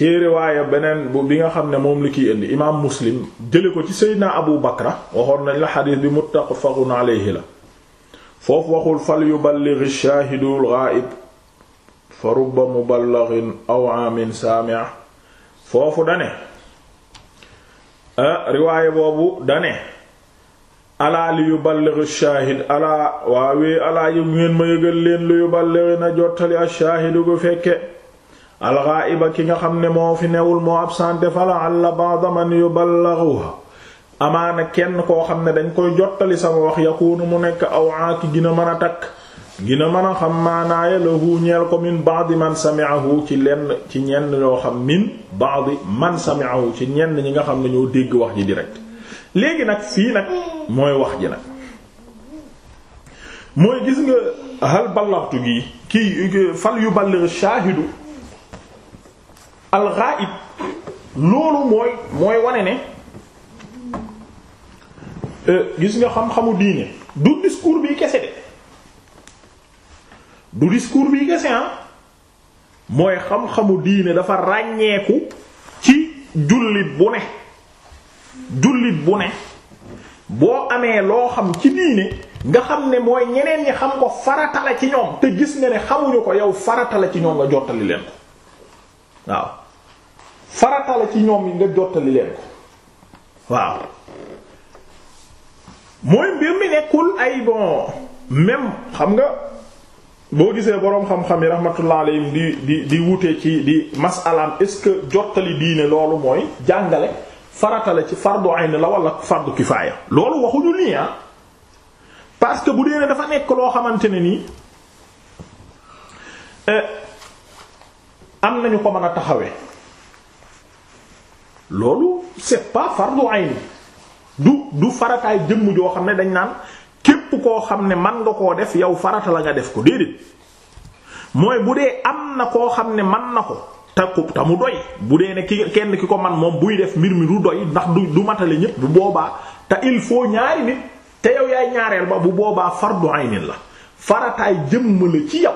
ci riwaaya beneen bi nga xam ne moom li kiy indi imaam muslim jële ko ci seydina abu bakra waxoon nañ la xadiis bi muttafaqun alayhi la foofu waxul fal yuballigh ash-shaahidu al fa rubba muballighin aw aamin saami' foofu dane ah, riwaaya boobu dane alaa li yuballigh ash-shaahid alaa waawee alaa yëgu ngeen ma yëgal leen li yuballigh na jottali ash-shaahidu gu fekke alxaa'iba ki nga xam ne moo fi newul moo absenté fala alla ba'da man yuballighuha amaana kenn koo xam ne dañ koy jottali sama wax yakunu mu nekk aw aaki gina mën a takk gina mën a xam maanaaya lahu ñeel ko min ba'di man sami'ahu ci lenn ci ñenn ñoo xam min ba'di man sami'ahu ci ñenn ñi nga xam ne ñoo dégg wax ji direct léegi nag fii nag mooy wax ji nag mooy gis nga hal ballaxtu gi kii fal yuballighu shaahidu alxaayib loolu mooy mooy wane ne euh, gis nga xam-xamu diine du discours bi kese de du discours bi kese ah mooy xam-xamu diine dafa ràññeeku ci jullit bu ne jullit bu ne boo amee loo xam ci diine nga xam ne mooy ñeneen ñi xam ko farata ci ñoom te gis nga ne xamuñu ko yow farata la ci ñoom nga jottali leen ko waaw farata ci ñoom yi nga jottali leen ko waaw mooy mbir mi nekkul ay bon même xam nga boo gisee boroom xam-xam yi rahmatullah alayhim di di di wute ci di masalaam est-ce que jottali diine loolu mooy jàngale farata ci fardu ayn la wala fardu kifaaya loolu waxuñu nii ah parce que bu dee ne dafa nekk loo xamante ne nii eh, am nañu ko mën a taxawe loolu c'est pas fardu ayn du du farataay jëmm joo xam ne dañ naan képp koo xam ne man nga koo def yow farata la nga def ko déedéet mooy bu dee am na koo xam ne man na ko te ku te mu doy bu dee ne ki kenn ki ko man moom buy def mbir mi du doy ndax du du matale ñépp bu boobaa te il faut ñaari nit te yow yaay ñaareel ba bu boobaa fardu aynin la farataay jëmm la ci yow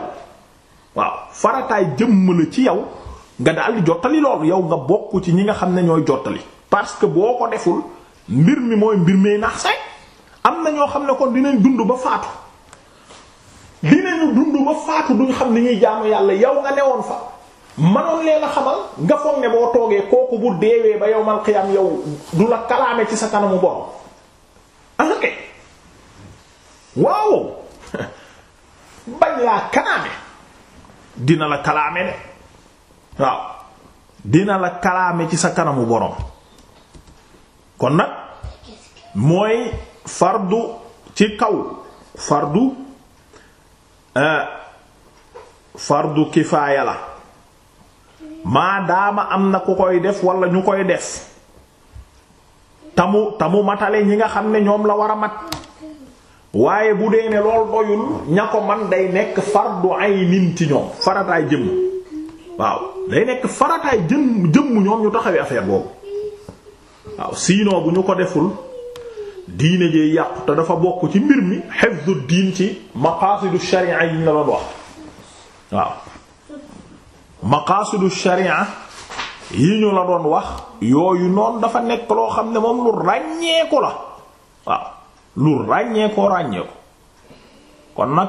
waaw farataay jëmm la ci yow nga daal di jottali loolu yow nga bokk ci ñi nga xam ne ñooy jottali parce que boo ko deful mbir mi mooy mbir mee nax say am na ñoo xam ne ko dinañ dund ba faatu dinañu dund ba faatu duñ xam ni ñuy jaamu yàlla yow nga woon fa manoon leen a xamal nga foog ne boo toogee kooku bu deewee ba yow mal xiyam yow du la kalaame ci sa kanamu borom anake ah, waaw bañ laa kalaame dina la kalaame de waaw dina la kalaame ci sa kanamu borom kon nag mooy fardu ci kaw fardu eh, fardu kifaaya la maadaama am na ku koy def walla ñu koy def tamu tamu matale ñi nga xam ne ñoom la war a mat waaye bu dee ne lool doyul ña ko man day nekk fardu aynin ci ñoom farataay jëm waaw day nekk farataay jëm jëmm ñoom ñu taxawee affaire boobu waaw sinon bu ñu ko deful diine jee yàqu dafa bokk ci mbir mi hifdu diin ci maqaasidu sharia yi ñu la doon wax waaw maqaasidu sharia yi ñu la doon wax yooyu noonu dafa nekk loo xam ne moom lu ràññeeku la waaw lu ràññeekoo ràññeeku kon nag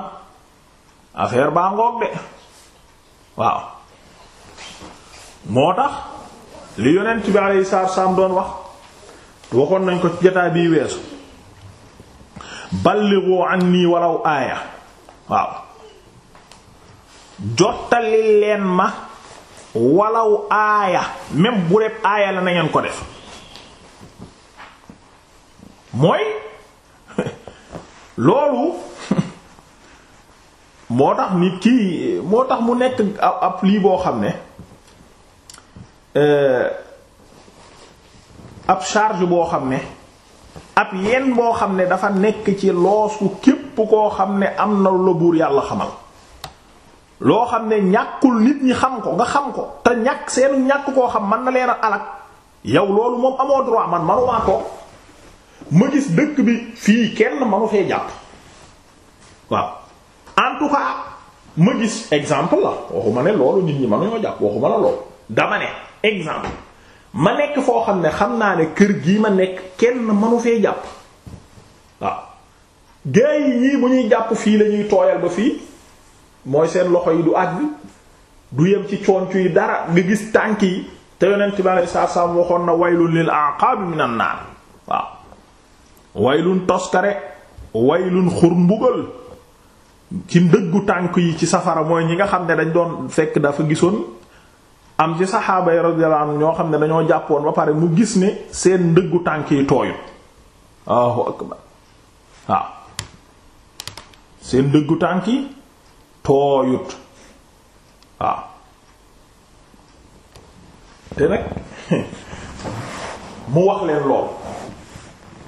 affaire baa ngoog de waaw moo tax li yonent bi alayhi salaatu doon wax waxoon nañ ko ci jotaay bii weesu ballighu anni walaw aaya waaw jottali leen ma wallaw aaya même bu dee aaya la na ko def mooy loolu moo tax nit kii moo tax mu nekk ab lii boo xam ne Euh, ab charge boo xam ne ab yenn boo xam ne dafa nekk ci loosu képp koo xam ne am na la buur yàlla xamal loo xam ne ñàkkul nit ñi xam ko nga xam ko te ñàkk seenu ñàkk koo xam mën na leen a alak yow loolu moom amoo droit man manumaa ko ma gis dëkk bi fii kenn manu fee jàpp waaw en tout cas ma gis exemple la waxuma ne loolu nit ñi manuñoo jàpp waxuma la loolu dama ne exemple ma nekk foo xam ne xam naa ne kër gi ma nekk kenn mënu fee jàpp waaw gaa ñii bu ñuy jàpp fii lañuy ñuy tooyal ba fii mooy seen loxo yi du àgg du yem ci concu yi dara nga gis tànk yi te yonent bi alayhi salaatu salaam waxoon na waylun lil aqaabi minan naar waaw waylun toskare waylun xur mbugal ci ndëggu tànk yi ci safara mooy ñi nga xam ne dañ doon fekk dafa gisoon am ci saxaaba yi ñoo xam ne dañoo jàppoon ba pare mu gis ne seen dëggu tànk yi tooyut Allahu akbar waaw seen ndëggu tànk yi tooyut waaw te nag mu wax leen lool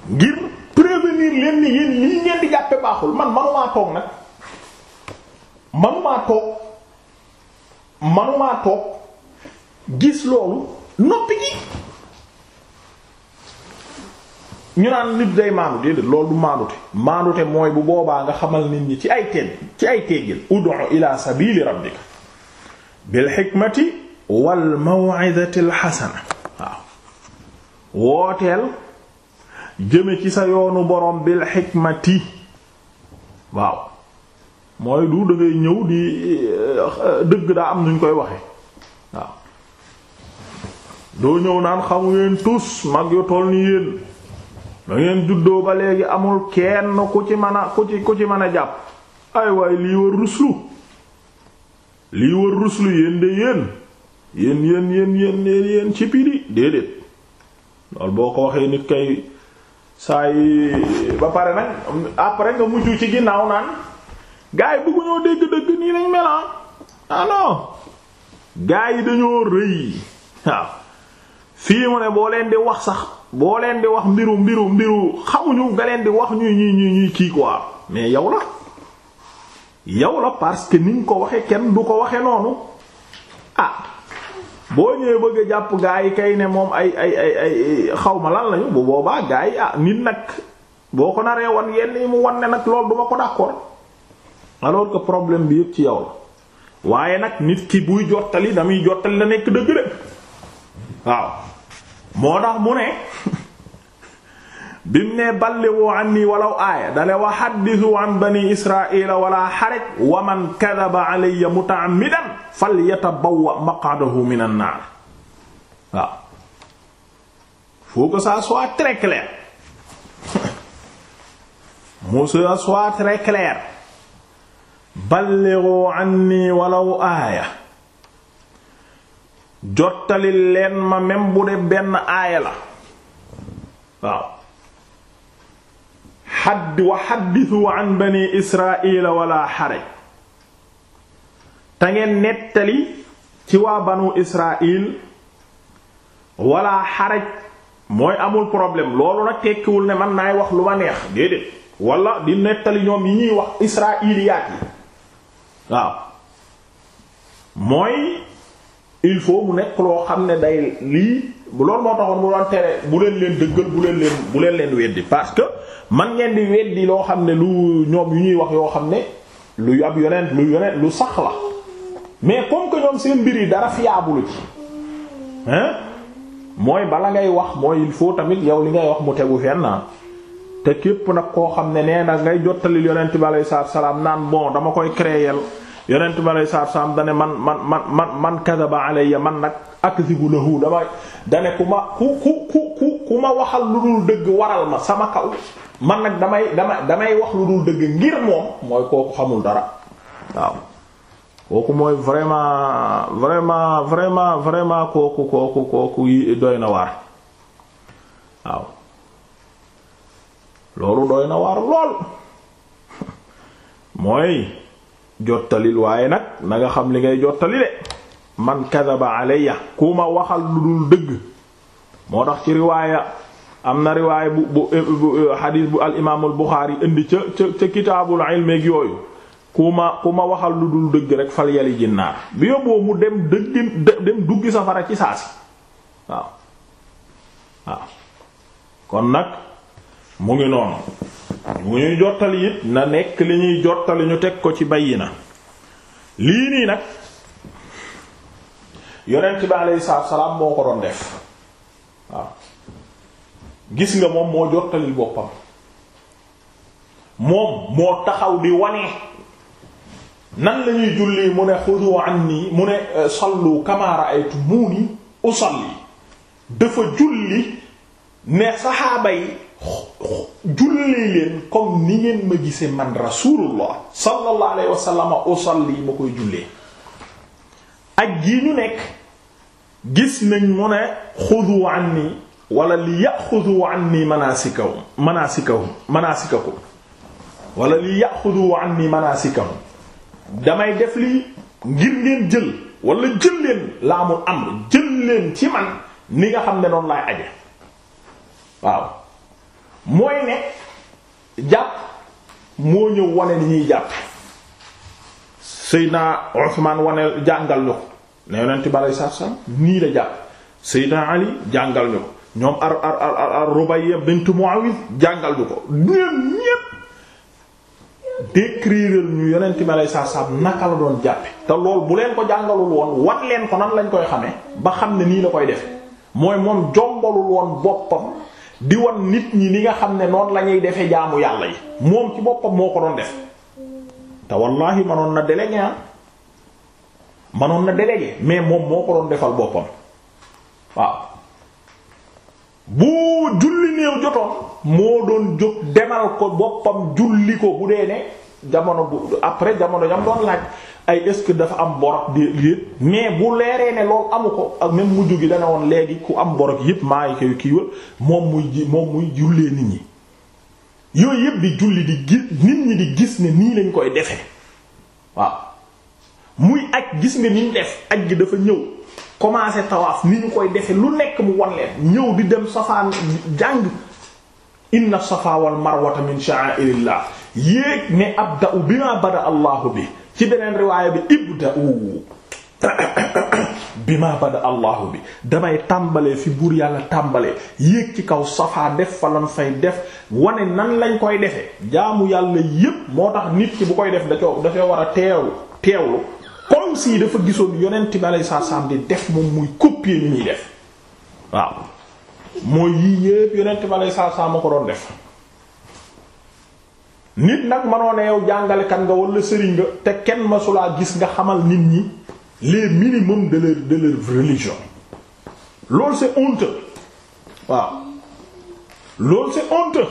ngir prévenir leen ni yéen lii di jàppe baaxul man manumaa toog nag manumaa toog manumaa toog gis loolu noppi ji ñu naan nit day maandu déedéet loolu du maandute maandute mooy bu boobaa nga xamal nit ñi ci ay teen ci ay teggil ud'u ila sabili rabbika bil hikmati waaw wooteel jëme ci sa yoonu boroom bil hikmati waaw mooy du dangay ñëw di eh, dëgg daa am nuñ koy waxe waaw doo ñëw naan xamu ngeen tus mag yu tool ni yéen da ngeen juddoo ba léegi amul kenn ku ci mën a ku ci ku ci mën a jàpp ay waay lii war ruslu lii war ruslu yéen de yéen yéen yéen yéen yéen yéen yéen ci pidi déedéet lool boo ko waxee nit kay saa yi ba pare nag après nga mujj ci ginnaaw naan gaa yi dégg-dëgg nii lañ mel ah, ah non yi dañoo rëy fii mu ne boo leen di wax sax boo leen di wax mbiru mbiru mbiru xamuñu nga leen di wax ñuy ñuy ñuy ñuy kii quoi mais yow la yow la parce que ni ko waxe kenn du ko waxe noonu ah boo ñëwee bëgg a jàpp gaa yi kay ne moom ay ay ay ay xaw ma lan lañu bu boobaa gaa yi ah nit nag boo ko naree wan yenn yi mu wan ne nag loolu duma ko d'accord alors que problème bi yëpp ci yow la waaye nag nit ki buy jottali damuy jottali la nekk dëgg de waaw moo tax mu ne bim ne ballighu anni walaw aaya dale wa haddithu an bani israila wala haraj wa man kadhaba alayya muta'ammidan falyatabawwa maq'adahu minan nar waaw faut que ça soit très clair mu ça soit très clair ballighu anni walaw aaya jottali leen ma même bu dee benn aaya la waaw xadd wa xaddisu an bani israila wala xaraj te ngeen nettali ci waa banu israil wala xaraj mooy amul problème loolu nag tekkiwul ne mën naay wax lu ma neex déedéet wala di nettali ñoom yi ñuy wax israiliyaat yi waaw mooy il faut mu nekk loo xam ne day lii loolu moo taxoon mu doon tere bu leen leen dëggal bu leen leen bu leen leen weddi parce que man ngeen di weddi loo xam ne lu ñoom yu ñuy wax yoo xam ne lu ab yonent lu yonent lu sax la mais comme que ñoom seen mbir yi dara fiable ci hein mooy bala ngay wax mooy il faut tamit yow li ngay wax mu tegu fenn ah. te képp nag koo xam ne nee na ngay jottali yonent bi alayhi salaam naan bon dama koy créer yonent ma lay saab saam dane man man man man man kadaba alayya man nag akzibu lahu damay dane ku ma ku ku ku ku ku ma waxal lu dul dëgg waral ma sama kaw man nag damay damay damay wax lu dul dëgg ngir moom mooy kooku xamul dara waaw kooku mooy vraiment vraiment vraiment vraiment kooku kooku doy na waar waaw loolu doy na waar lool mooy jottalil waaye nag na xam li ngay jottali man kadaba alayya ku ma waxal lu dul dëgg moo tax ci riwaaya am na riwaaya bu bu eh, eh, xadiis bu al imaamul Buxaari indi ca ca kitaabul ilmeeg yooyu ku ma ku ma waxal lu dul dëgg rek fal yali jinnaar bi yóbboo mu dem dëgg dem duggi safara ci saasi waaw waaw kon nag mu ngi noonu mu ñuy jottali it na nekk li ñuy jottali ñu teg ko ci na lii nii nag yonent bi aleyhi salaatu salaam moo ko doon def waaw gis nga moom moo jottalil boppam moom moo taxaw di wane nan lañuy ñuy julli mu ne xudu anni mu ne euh, sallu kama ra'aytumuni yi dafa julli ne saxaaba yi jullee leen comme ni ngeen ma gisee man rasulullah sallallahu alayhi wa usalli ma koy jullee ak yi ñu nekk gis nañ mu ne xudu anni wala li yaxudu anni manaasikahum manaasikahum manaasikakum wala li yaxudu anni manaasikahum damay def li ngir ngeen jël wala jël leen laa mu am jël leen ci man ni nga xam ne noonu laay aje waaw mooy ne jàpp moo ñëw wane ni ñuy jàpp Seydina Usmaan wane jàngal ñu ko ne yonent bi aleyhi salaatu salaam nii la jàpp Seydina Ali jàngal ñu ko ñoom ar ar ar ar Rubayya bint Muawiz jàngal ñu ko ñoom ñépp décrire ñu yonent bi aleyhi salaatu salaam naka la doon jàppe te lool bu leen ko jàngalul woon wan leen ko nan lañ koy xamee ba xam ne nii la koy defe mooy moom jombalul woon boppam di wan nit ñi ni nga xam ne noonu lañuy ñuy defee jaamu yàlla yi moom ci boppam moo ko doon def te wallaahi manoon na délégué ah manoon na délégué mais moom moo ko doon defal boppam waaw bu julli néew jotoon moo doon jóg demal ko boppam julli ko bu dee ne. jamono bu après jamono jam doon laaj ay est-ce que dafa am borog déet mais bu leeree ne loolu amu ko ak même mujj gi dana woon léegi ku am borog yépp maa ngi koy kiiwa moom muy ji moom muy jullee nit ñi yooyu yépp di julli di gis nit ñi di gis ne nii lañ koy defee waaw muy aj gis nga ni mu def aj gi dafa ñëw commencé tawaaf ni ñu koy defe lu nekk mu wan leen ñëw di dem safaan jàng inna safa wal marwata min sha'airillah yéeg ne bi bima bada allahu bi ci beneen riwaaya bi ibda'u bima bada allahu bi damay tàmbalee fi buur yàlla tàmbalee yéeg ci kaw safaa def fa lan fay def wane nan lañ koy defe jaamu yàlla yépp moo tax nit ki bu koy def da coo war a teewlu teewlu comme si dafa gisoon yonent bi alayhi salaam di def moom muy copier ni muy def waaw mooy yii yépp yonent bi alayhi salaam ma ko doon def nit nag mënoo ne yow jàngalekat nga wala sëriñ nga te kenn masu laa gis nga xamal nit ñi les minimums de leur religion loolu c'est honteux waaw loolu c'est honteux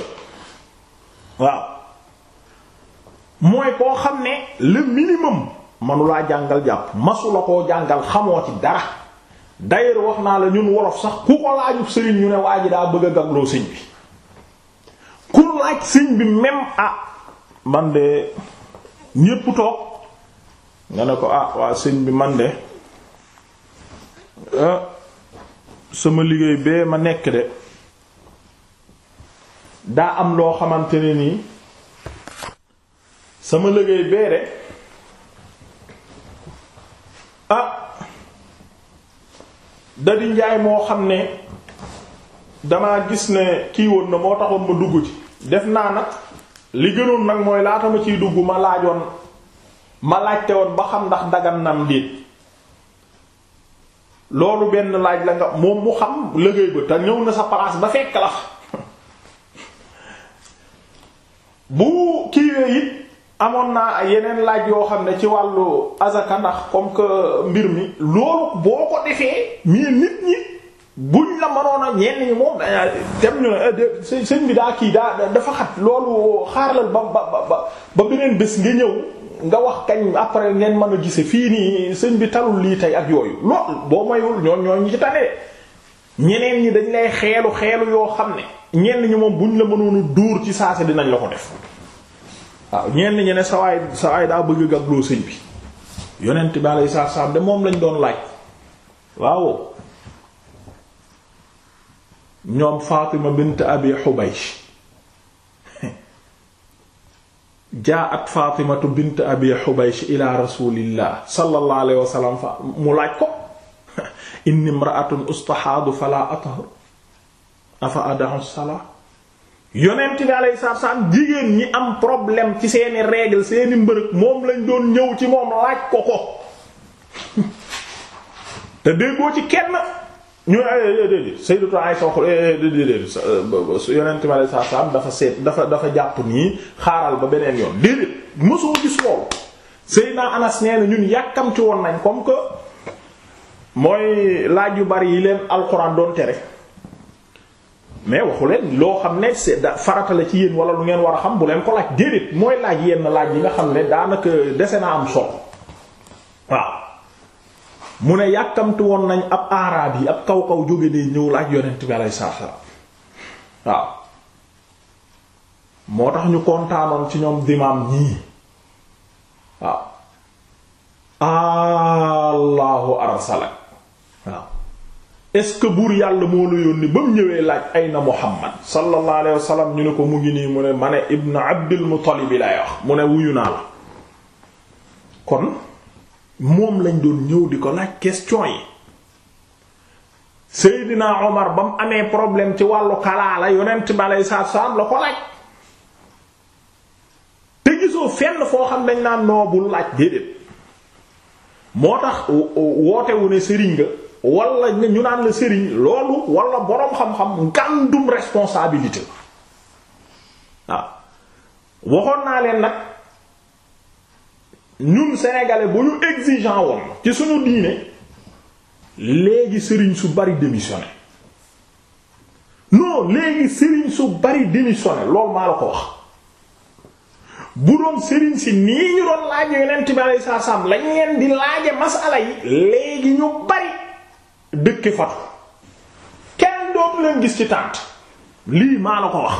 waaw mooy koo xam ne le minimum manulaa jàngal jàpp masula koo jàngal xamoo ci dara d'ailleurs wax naa la ñun wolof sax ku ko laajub sëriñ ñu ne waa ji daa bëgg a gagloo sëñ bi ku laaj sëñ bi même ah man de ñépp toog nga ne ko ah waa sëñ bi man de ah, sama liggéey bee ma nekk de daa am loo xamante ne nii sama liggéey bee de ah da njaay moo xam ne damaa gis ne kii woon na moo taxoon ma dugg ci def naa nag li gënoon nag mooy laata ma ciy dugg ma laajoon ma laajte woon ba xam ndax dagan nam loolu benn laaj la nga moom mu xam liggéey ba te ñëw na sa place ba fekk la bu kiiwee it amoon naa yeneen laaj yoo xam ne ci wàllu azaka ndax comme que mbir mi loolu boo ko defee mii nit ñi buñ la mënoon a ñenn ñi moom dem ñu ne eh, sëñ bi daa kii daa dafa xat loolu xaaral ba ba ba ba beneen bés nga ñëw nga wax kañ après ngeen mën a gise fii nii sëñ bi talul lii tey ak yooyu lool boo mayul ñoon ñoo ñi ci tane ñeneen ñi dañ lay xeelu xeelu yoo xam ne ñenn ñi moom buñ la mënoon a dóor ci saase dinañ la ko def waaw ñenn ñi ne sawaay sawaay daa bëgg gagloo sëñ bi yonent bi alayhi salaam de moom lañ doon laaj waaw ñoom Fatima bint Abi Hubaysh jaat Fatimatu bint Abi Hubaysh ila rasulillah sallallahu alayhi wa fa mu laaj ko inni imra'atun ustahaadu fala athur afa adahu salaa yonent bi alayhi salaatu salaam jigéen ñi am problème ci seeni règle seeni mbërëg moom lañ doon ñëw ci moom laaj ko ko te déggoo ci kenn ñu ne eh, eh, eh, déedéet Sayyidatu Aisha waxul déedéet yonent mi alayhi salaam dafa seet dafa dafa jàpp nii xaaral ba beneen yoon déedéet mosoo gis loolu Sayyidina Anas nee ñun yàkkamti woon nañ comme que mooy laaj yu bari yi leen alxuraan doon tere mais waxu leen loo xam ne c'est farata ci yéen wala lu ngeen war a xam bu leen ko laaj déedéet mooy laaj yenn laaj yi nga xam ne daanaka dese naa am solo waaw. mu ne yàkkamti woon nañ ab araab yi ab kaw kaw jóge ne ñëw laaj yonent bi alayhi salaam waaw moo tax ñu kontaanoon ci ñoom dimaam ñii waaw allahu arsalak waaw est-ce que buur yàlla moo la yónni ba mu ñëwee laaj ay na muhammad sallallahu alayhi wasallam ñu ne ko mu ngi nii mu ne ma ne ibn abdil muttalib lay wax mu ne wuyu naa la kon moom lañ doon ñëw di ko laaj question yi Seydina Omar ba mu amee problème ci wàllu kalaala yonent bi aleyhi salaatu salaam la ko laaj te gisoo fenn foo xam dañ naan noobul laaj déedéet moo tax wootewu ne sëriñ nga wala ñu naan la sëriñ loolu wala boroom xam-xam ngàndum responsabilité waaw waxoon naa leen nag ñun sénégalais bu ñu exigeant woon ci suñu diine léegi sëriñ su bari démissionné non léegi sëriñ su bari démissionné loolu maa la ko wax bu doon sëriñ si nii ñu doon laaje yonent bi alayhi salaam lañ leen di laaje masala yi léegi ñu bari dëkk fatu kenn dootu leen gis ci tànt lii maa la ko wax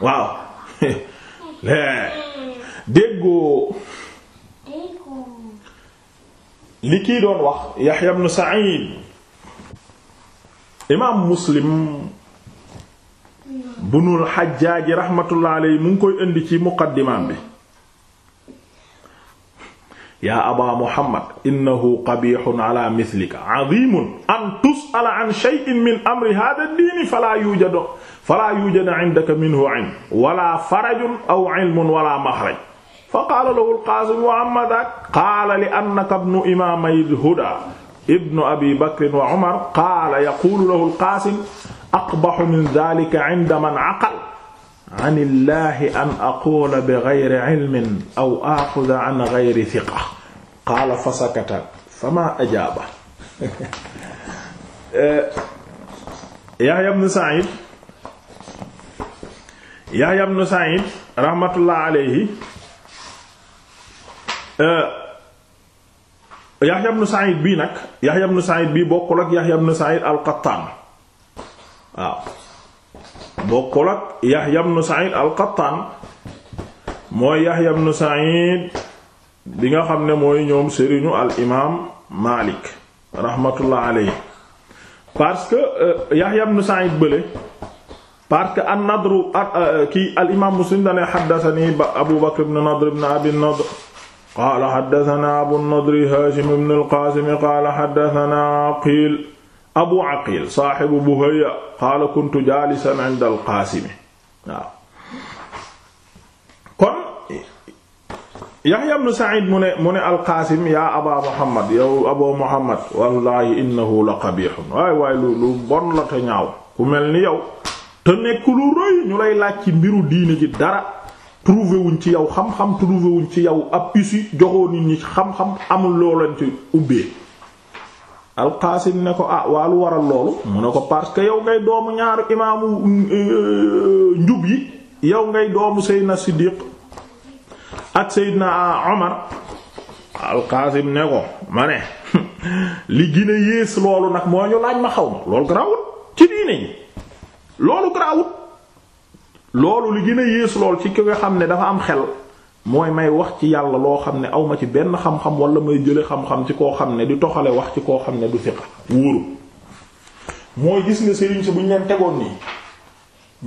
waaw déggoo li kii doon wax Yahya ibn Sa'id imaam Muslim bunul Hajjaaj rahmatullah alayhi mu ngi koy indi ci muqaddimaam bi yaa aba Muhammad innahu qabihun ala mithlika azimun an tus'ala an shay'in min amri hadha ad-din fala yujadu fala yujadu indaka minhu ilm wala farajun aw ilmun wala makhraj fa qaala lahu al-Qaasim wa amma dhaak qaala li annaka ibnu imaamay al-hudaa ibnu abi bakr wa umar qaala yaquulu lahu al-Qaasim aqbahu min dhaalika 'inda man 'aqala 'an Illaahi an aquula bighayri 'ilmin aw aakhudha 'an ghayri thiqa qaala fasakata famaa ajaaba eh, Yahya ibn Sa'id Yahya ibn Sa'id rahmatullah alayhi Euh, Yahya ibn Sa'id bii nag Yahya ibn Sa'id bii bokkul ak Yahya ibn Sa'id al-Qattan waaw bokkul Yahya ibn Sa'id al-Qattan mooy Yahya ibn Sa'id bi nga xam ne mooy ñoom sëriñu al imaam Malik rahmatullah alayhi parce que euh, Yahya ibn Sa'id bële parce que an-Nadr euh, kii al imaam Muslim dane haddathani Abu Bakr ibn Nadr ibn Abi Nadr qaala xaddatanaa abu nadri haashim ibn alqaasimi qaala xaddatanaa aqiil abu aqiil saaxibu buhayya qaala kuntu jaalisan inda alqaasimi waaw kon yaxya ibn said mu ne mu ne alqaasim yaa aba muhammad yow abu muhammad wallahi innahu la qabiixun waay waay lu lu bon la te ñaaw ku mel ni yow te nekk lu rëy ñu lay laaj ci mbiru diine ji dara trouvé wuñ ci yow xam-xam trouvé wuñ ci yow ab issue joxoon nit ñi xam-xam amul loo leen ci ubbee alqaasim ne ko ah waa lu waral loolu mu ne ko parce que yow ngay doomu ñaari imaamu euh, njub yi yow ngay doomu Seydina Siddiq ak Seydina Omar alqaasim ne ko ma ne li gën a yées loolu nag moo ñu laaj ma xaw ma loolu garaawut ci diine yi loolu garaawut loolu li gën a yées lool ci ki xam ne dafa am xel mooy may wax ci yàlla loo xam ne aw ma ci benn xam-xam wala may jële xam-xam ci koo xam ne di toxale wax ci koo xam ne du fiqa wóoru mooy gis nga sëriñ si bu ñu leen tegoon nii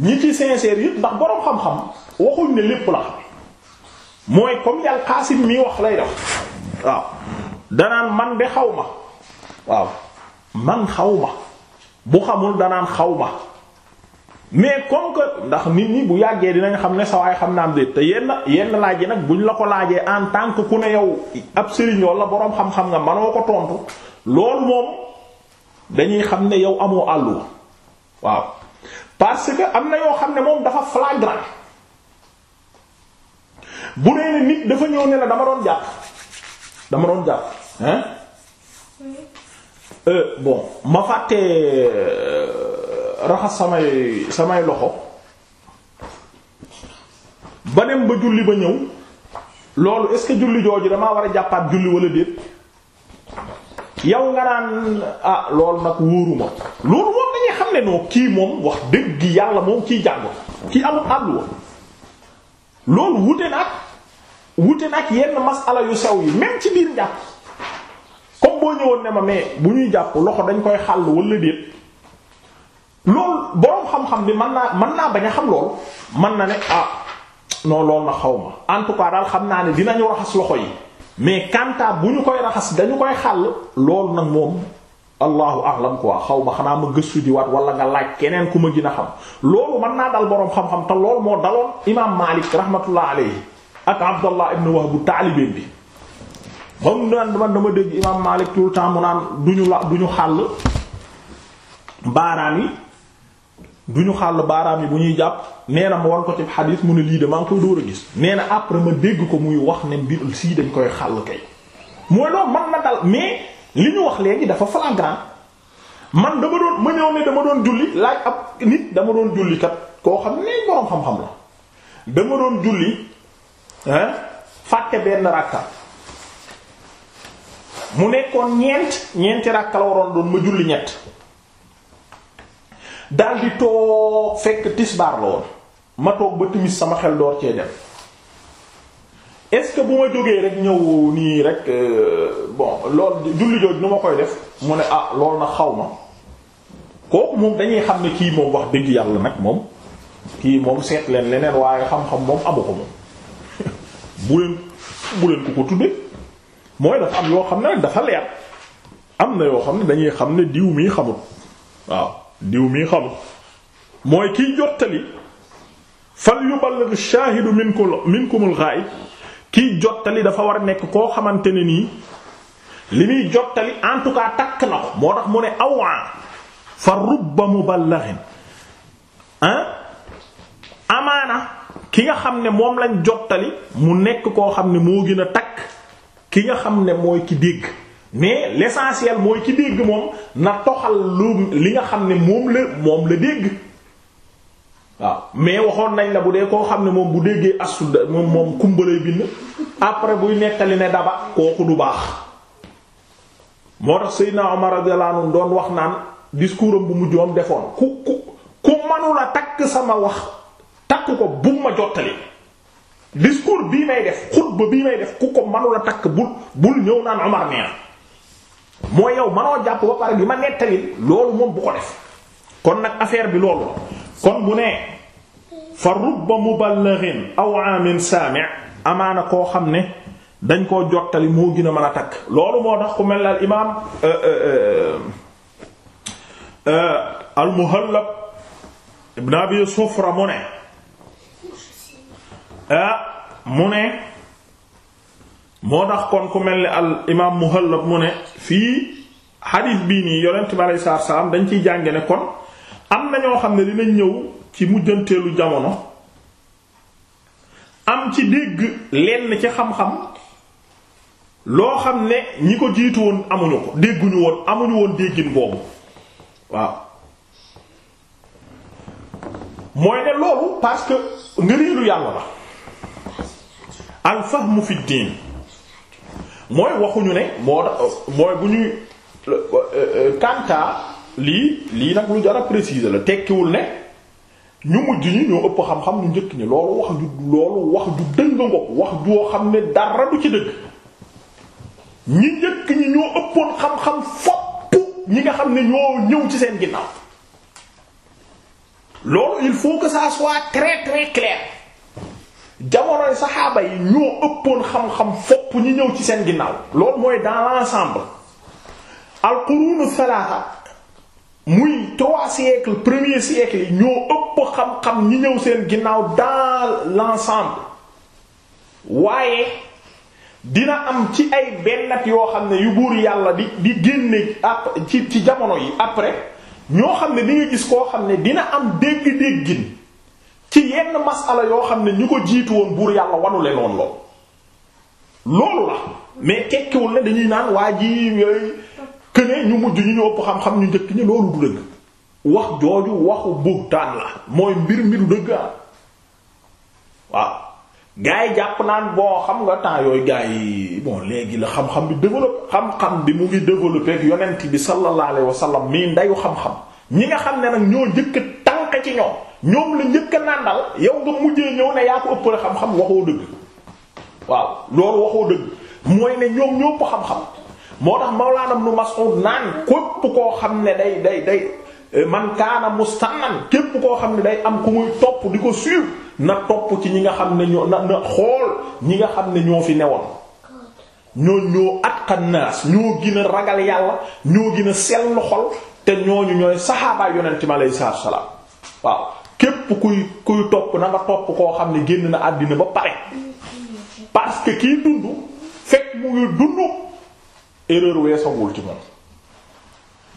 ñi ci sincère yëpp ndax boroom xam-xam waxuñ ne lépp la mooy comme yàlla xaasim mi wax lay def waaw danaan man de xaw ma waaw man xaw ma bu xamul danaan xaw ma mais comme que ndax nit ñi bu yàggee dinañ xam ne sawaay xam naa am déet te yenn yenn laaj yi nag bu ñu la ko laajee en tant que ku ne yow ab sëriñ la boroom xam-xam nga manoo ko tontu loolu moom dañuy xam ne yow amoo àllu waaw parce que am na yoo xam ne moom dafa flagrant bu nee ne nit dafa ñëw ne la dama doon jàpp dama doon jàpp hein euh, ma fàttee euh, raxas samay samay loxo ba dem ba julli ba ñëw loolu est-ce julli jooju damaa war a jàppaat julli wala déet yow nga naan a ah, lool nag wóoruma loolu moom dañuy xam ne noo kii moom wax dëgg yàlla moom kii jàng kii amul àlluwa loolu wute na ak wute na yenn masala yu sew yi même ci biir njàpp comme boo ñëwoon ne ma mais bu ñuy jàpp loxo dañ koy xàll wala déet loolu boroom xam-xam bi man naa mën naa bañ a xam loolu mën na ne ah non loolu na xaw ma en tout daal xam naa ne dinañu raxas loxo yi mais kanta bu ñu koy raxas dañu koy xàll loolu nag moom allahu a'lam quoi xaw ma xanaa ma gëstu ji waat wala nga laaj keneen ku ma gën a xam loolu man naa dal boroom xam-xam te loolu moo daloon imaam Maalik rahmatullah alayhi ak Abdallah ibn Wahb bu taalibeem bi moom daan man dama dégg imaam Maalik tout le temps mu naan duñu la duñu xàll baaraam yi du ñu xàll baaraam yi bu ñuy jàpp nee na ma wan ko ci xadiis mu ne lii de maa ngi koy dóor a gis nee na après ma dégg ko muy wax ne mbir sii dañ koy xàll kay mooy loolu man na dal mais li ñu wax léegi dafa flagrant man dama doon ma ne dama doon julli laaj ab nit dama doon julli kat koo xam ne boroom xam-xam la dama doon julli hein fàtte benn rakka mu nekkoon ñeent ñeenti rakka waroon doon ma julli ñett daal di toog fekk tisbaar la woon ma toog ba timis sama xel door cee dem est-ce que bu ma jógee rek ñëw nii rek euh, bon loolu julli jooju nu ma koy def mu ne ah loolu nag xaw ma kooku moom dañuy xam ne kii moom wax dëgg yàlla nag moom kii moom seet leen leneen waaye xam-xam moom amu ko moom bu leen bu leen ko ko tudde mooy dafa am yoo xam ne dafa leer am na yoo xam ne dañuy xam ne diw mii xamut waaw diw mii xamul mooy kiy jottali fal yuballigh ash-shaahidu minkum minkumul ghaa'ib kiy jottali dafa war a nekk koo xamante ne nii li muy jottali en tout cas takk na ko moo tax mu ne awaan fa rubba muballighin ah amaana ki nga xam ne moom lañ jottali mu nekk koo xam ne moo gën a takk ki nga xam ne mooy ki dégg mais l'essentiel mooy ci dégg moom na toxal lu li nga xam ne moom la moom la dégg waaw mais waxoon nañ la bu dee koo xam ne moom bu déggee asud moom moom kumbalay bind après buy nettali ne daba kooku du baax moo tax Seydina Omar radiyallahu doon wax naan discours am bu mu defoon ku ku ku takk sama wax takk ko bu ma jottali discours bii may def xutba bii may def ku ko manula takk bul bul ñëw naan Omar nee mooy yow manoo jàpp ba pare bi ma nettali loolu moom bu ko def kon nag affaire bi loolu la kon mu ne fa rubba muballighin aw amin sami' amaana koo xam ne dañ koo jottali moo gën a mën a takk loolu moo tax ku mel al imaam euh, euh, euh, al muhallab ibn abi sufra mu ne ah, mu ne moo tax kon ku mel ni al imaam Muhallab mu ne fii xadiis bii nii yonent bi aleyhi salaatu dañ ciy jànge ne kon am na ñoo xam ne dinañ ñëw ci mujjanteelu jamono am ci dégg lenn ci xam-xam loo xam ne ñi ko jiitu woon amuñu ko dégguñu woon amuñu woon déggin boobu waaw mooy ne loolu parce que ngëneelu yàlla la al fahmu mooy waxuñu ne moo mooy bu ñuy euh, euh, kanta lii lii nag lu jar a préciser la tekkiwul ne ñu mujj ñi ñoo ëpp xam-xam ñu njëkk ñi loolu wax ju loolu wax ju dëng ngoog wax joo xam ne dara du ci dëgg ñi njëkk ñi ñoo ëppoon xam-xam fopp ñi nga xam ne ñoo ñëw ci seen ginnaaw loolu il faut que sa soit très très clair jamonoy saxaaba yi ñoo ëppoon xam-xam fopp ñu ñëw ci seen ginnaaw loolu mooy dans l'ensemble al qurunu salaasa muy trois siècles premier siècle yi ñoo ëpp xam-xam ñi ñëw seen ginnaaw dans l'ensemble waaye dina am ci ay bennat yoo xam ne yu buur yàlla di di génne ci ci jamono yi après ñoo xam ne di gis koo xam ne dina am dégg-déggin ci yenn masala yoo xam ne ñu ko jiitu woon buur yàlla wanu leloon lool loolu la mais tekkiwul ne dañuy naan waa ji yooyu ñu mujj ñu ñëpp xam-xam ñu njëkk ñi loolu du dëgg wax jooju waxu buhtaan la mooy mbir mbiru dëgg ah waaw gars yi jàpp naan boo xam nga temps yooyu gars yi bon léegi la xam-xam bi développé xam-xam bi mu ngi développé yonent bi sallallahu alayhi wa sallam mii ndeyu xam-xam ñi nga xam ne nag ñoo njëkk dàq ci ñoom ñoom la njëkk a nàndal yow nga mujjee ñëw ne yaa ko xam-xam waxoo dëgg waaw loolu waxoo dëgg mooy ne ñoo ko xam-xam moo tax Mawlana Ibn koo xam ne day day day eh, man kaana mustannan képp koo xam ne day am ku topp di ko suivre na topp ci ñi nga xam ne ñoo na xool ñi nga xam ne ñoo fi newoon. ñoo ñoo atqan naas ñoo gën ragal yàlla ñoo gën a sell xol te ñooñu ñooy saxaabaa yonent mi alayhi salaam waaw képp kuy kuy topp na nga topp koo xam ne génn na àddina ba pare parce que kii dund fekk mu ngi dund erreur weesawul ci moom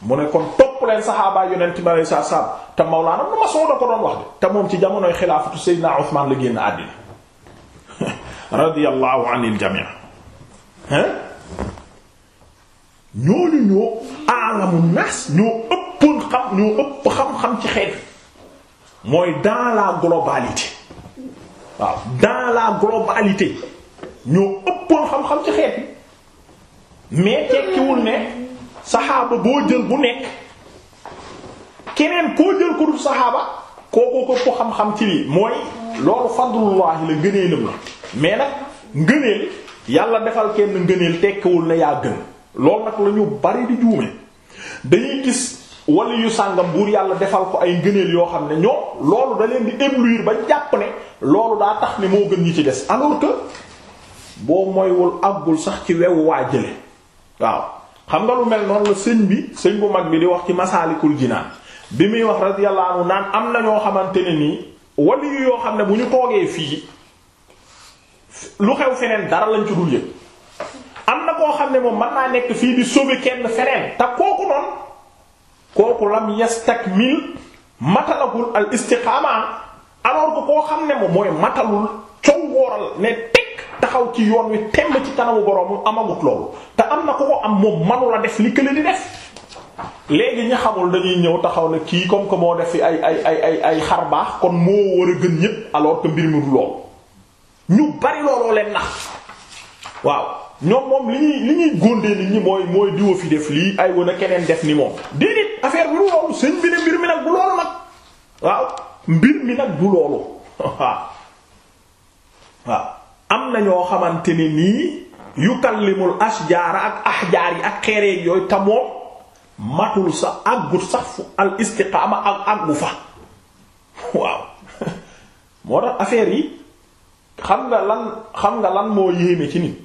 mu ne kon topp leen saxaabaa yonent bi aleyhi te Mawlaana Ibn Mas'uud da ko doon wax de te moom ci jamonoy xilaafatu Seydina Usmaan la génn àddina radiyallahu anil jamii hein ñooñu ñoo aalamu naas ñoo ëppoon xam ñoo ëpp xam-xam ci xeet mooy dans la globalité waaw dans la globalité ñoo ëppoon xam-xam ci xeet mais tekkiwul ne saxaaba boo jël bu nekk keneen koo jël ko dul saxaaba kooku xam-xam ci lii mooy loolu fadlullahi la ngëneelam la mais nag ngëneel yàlla defal kenn ngëneel tekkiwul ne yaa gën loolu nag la ñu bari di juume dañuy gis wala yu sàngam buur yàlla defal ko ay ngëneel yoo xam ne ñoom loolu da leen di éblouir ba jàpp ne loolu daa tax ne moo gën ñi ci des alors que boo moywul àggul sax ci wewu waa jële waaw xam nga lu mel noonu la sëñ bi sëñ bu mag bi di wax ci masaalikul jinaa bi muy wax radiyallahu anhu naan am na ñoo xamante ne nii wali yu yoo xam ne bu ñu toogee fii lu xew feneen dara lañ ci dul yëg am na koo xam ne moom mën naa nekk fii di sauver kenn feneen te kooku noonu kooku lam yastakmil matalagul al istiqaama alors que koo xam ne moom mooy matalul coow ne teg taxaw ci yoon wi temb ci kanamu boroomu amagut loolu te am na ku ko am moom manula def li kële di def léegi ñi xamul dañuy ñëw taxaw na kii comme que moo def fi ay ay ay ay ay xar baax kon moo war a gën ñépp alors que mbir mi loolu ñu bari looloo leen nax waaw ñoom moom li ñuy li ñuy góndee nit ñi mooy mooy diwa fi def lii ay wan a keneen def ni moom déedéet affaire bi lu loolu sëñ bi mbir mi nag bu loolu nag waaw mbir mi nag bu loolu waaw am na ñoo xamante ni nii yukallimul ashjaara ak ahjaar yi ak xeereeg yooy tamoo moom matul sax àggut sax fu al ak àggu fa waaw moo tax affaire yi xam nga lan xam nga lan moo yéeme ci nit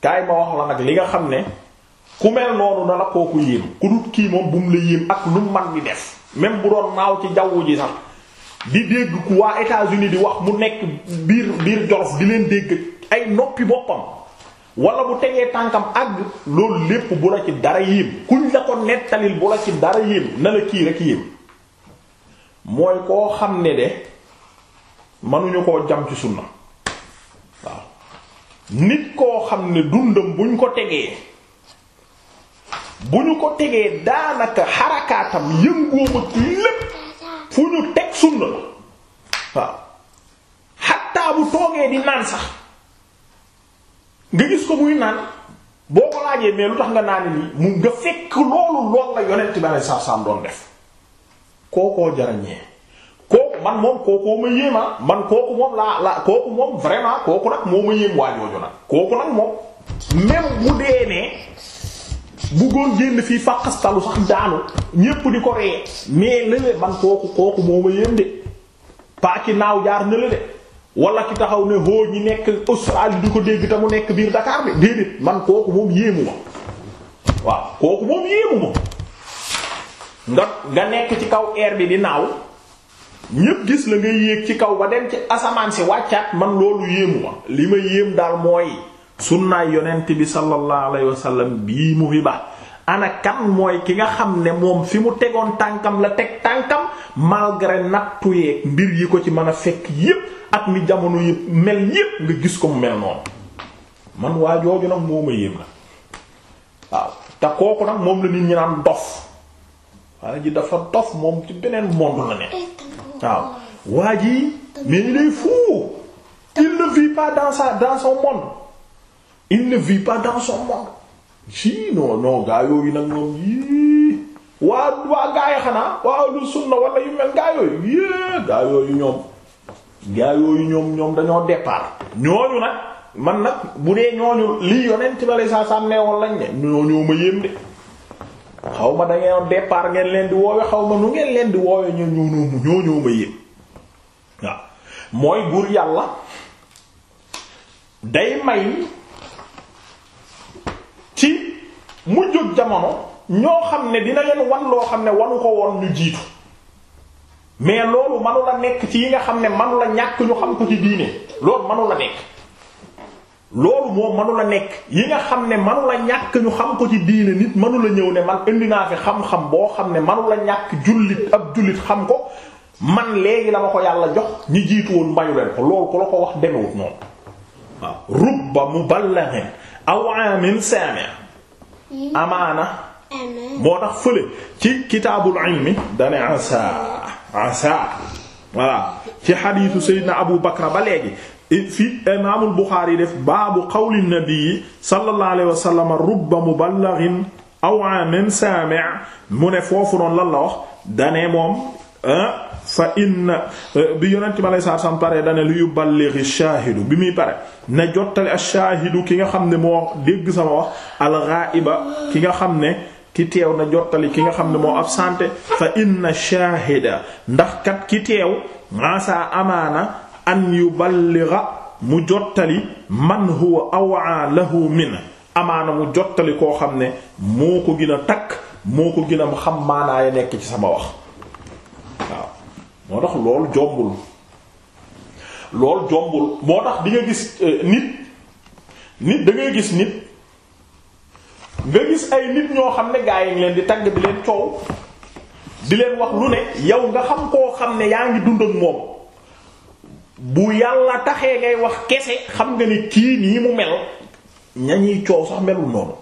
kaay ma wax la nag li nga xam ne ku mel noonu na la kooku yéem ku dut kii moom bu mu la yéem ak lu man di def même bu doon naaw ci jaww ji sax di dégg ku waa États-Unis di wax mu nekk biir biir jolof di leen dégg ay noppi boppam wala bu tegee tànkam àgg loolu lépp bu la ci dara yéem kuñ la ko nettalil bu la ci dara yéem na la kii rek yéem mooy koo xam ne de mënuñu koo jam ci sunna waaw nit koo xam ne dundam buñ ko tegee bu ñu ko tegee daanaka xarakaatam yëngoom ak lépp fu ñu teg sunna la waaw xattaa bu toogee di naan sax nga gis ko muy naan boo ko laajee mais lu tax nga naan nii mu nga fekk loolu lool la yonent bi sallallahu alayhi wasallam doon def kookoo jarañee man moom kooku ma yéem man kooku moom laa la kooku moom vraiment kooku nag moo ma yéem waa jooju nag kooku nag moom même bu dee ne buggoon génn fii fàqastalu sax daanu ñépp di ko ree mais lële man kooku kooku moo yéem de paa ci naaw jaar na la de wala ki taxaw ne hoo ñi nekk Australie di ko dégg te mu nekk biir Dakar de déedéet man kooku moom yéemu ma waaw kooku moom yéemu ma nga nekk ci kaw air bi di naaw ñépp gis la ngay yéeg ci kaw ba dem ci asamaan si wàccaat man loolu yéemu ma li ma yéem daal mooy sunnaay yonent bi sallallahu alayhi wa bii mu fi ba ana mooy ki nga xam ne moom fi mu tegoon tànkam la teg tànkam malgré nattu yeeg mbir yi ko ci mën a fekk yépp ak ni jamono yépp mel yépp nga gis ko mu mel noonu man waa jooju nag moo ma yéem na waaw te kooku nag moom la nit ñi naan dof waa ji dafa dof moom ci beneen monde la ne waaw waa ji mais il est fou il ne vit pas dans sa dans son monde il ne vit pas dans son monde si non non nag moom yii waa waa gaa xanaa waa lu sunna wala yu mel gaa yooyu yée gaa yooyu ñoom gaa yooyu ñoom ñoom dañoo départ ñooñu nag man nag bu dee ñooñu lii yonent bi sallallahu alayhi wasallam neewoon lañ ne ñooñoo ma yéem de xaw ma da ngeen leen di woowe xaw ma nu ngeen leen di woowe ñoo ñoo ñoo ñoo ma yéen waaw mooy buur yàlla day may ci mujjug jamono ñoo xam ne dina leen wan loo xam ne wanu ko woon ñu jiitu mais loolu manu la nekk ci yi nga xam ne manu la ñàkk ñu xam ko ci diine loolu manu la nekk. loolu moom manu la nekk yi nga xam ne manu la ñàkk ñu xam ko ci diine nit manu ñëw ne man indi naa fi xam-xam boo xam ne manu la ñàkk jullit ak jullit xam ko man léegi la ma ko yàlla jox ñu jiitu woon mayu leen ko la ko wax demewut noonu waaw rubba muballighin aw amin sami amaana moo tax fële ci kitaabul ilmi dane asa asa voilà ci xadiitu sayyidina abu bakra ba léegi fi imaamul Buxaari yi def baabu qawli nabii sallallahu alayhi wa sallam rubba muballighin aw aamin saami' mu ne foofu noonu lan la wax dane moom fa inna euh, bi yonent bi aleyhi salaatu salaam pare dane li yuballighi shaahidu bi muy pare na jottali ashaahidu ki nga xam ne moo dégg sama wax alxaa'iba ki nga xam ne ki teew na jottali ki nga xam ne moo absenté fa inna shaahida ndax kat ki teew maasaa amaana an yuballigha mu jottali man huwa aw'a lahu min amaana mu jottali koo xam ne moo ko gën a takk moo ko gën xam maanaa nekk ci sama wax waaw moo tax loolu jombul loolu jombul moo tax di gis eh, nit nit da gis nit nga gis ay nit ñoo xam ne gaa leen di tagg di leen coow di leen wax lu ne yow nga xam koo xam ne yaa ngi dund ak moom bu yàlla taxee ngay wax kese xam nga ne kii nii mu mel ñañuy coow sax melul noonu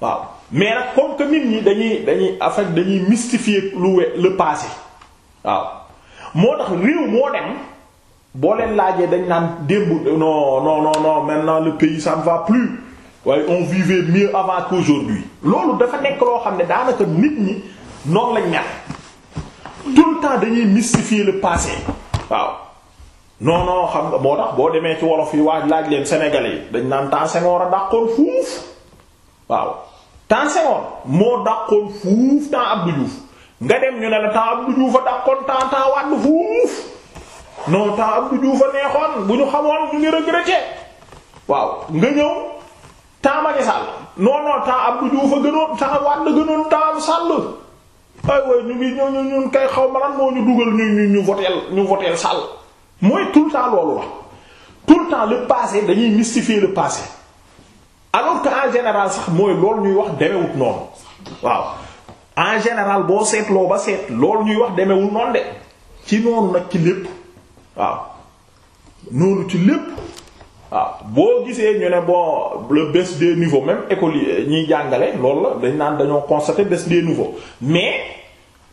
waaw mais nag comme que nit ñi dañuy dañuy affect dañuy mystifier lu we le passé waaw moo tax réew moo dem boo leen laajee dañ naan démb non noo noo non maintenant le pays ça ne plus waaye on vivait mieux avant qu'aujourd'hui loolu dafa nekk loo xam ne daanaka nit ñi noonu lañ mel tout le temps dañuy mystifier le passé waaw non non xam nga moo tax boo demee ci wolof yi waaj laaj leen sénégalais yi dañ naan temps Senghor a dàqoon fuuf waaw temps Senghor moo dàqoon fuuf temps Abdou Diouf nga dem ñu ne la temps Abdou Diouf a dàqoon temps temps Wade fuuf non temps Abdou Diouf a neexoon bu ñu xamoon ñu ngi regretté waaw nga ñëw temps Macky Sall non non temps Abdou Diouf a gënoon temps Wade gënoon ñu ngi ñoo ñun kay xaw ma moo ñu dugal ñu ñu ñu votel ñu votel Sall mooy tout le temps loolu la tout le temps le passé dañuy mystifier le passé alors que en général sax mooy loolu ñuy wax demewut noonu waaw en général boo seetloo ba seet loolu ñuy wax demewul noonu de ci noonu nag ci lépp waaw noonu ci lépp waaw boo gisee ñu ne bon le baisse des niveaux même école yi eh, ñuy jàngale loolu la dañ naan dañoo constater baisse des niveaux mais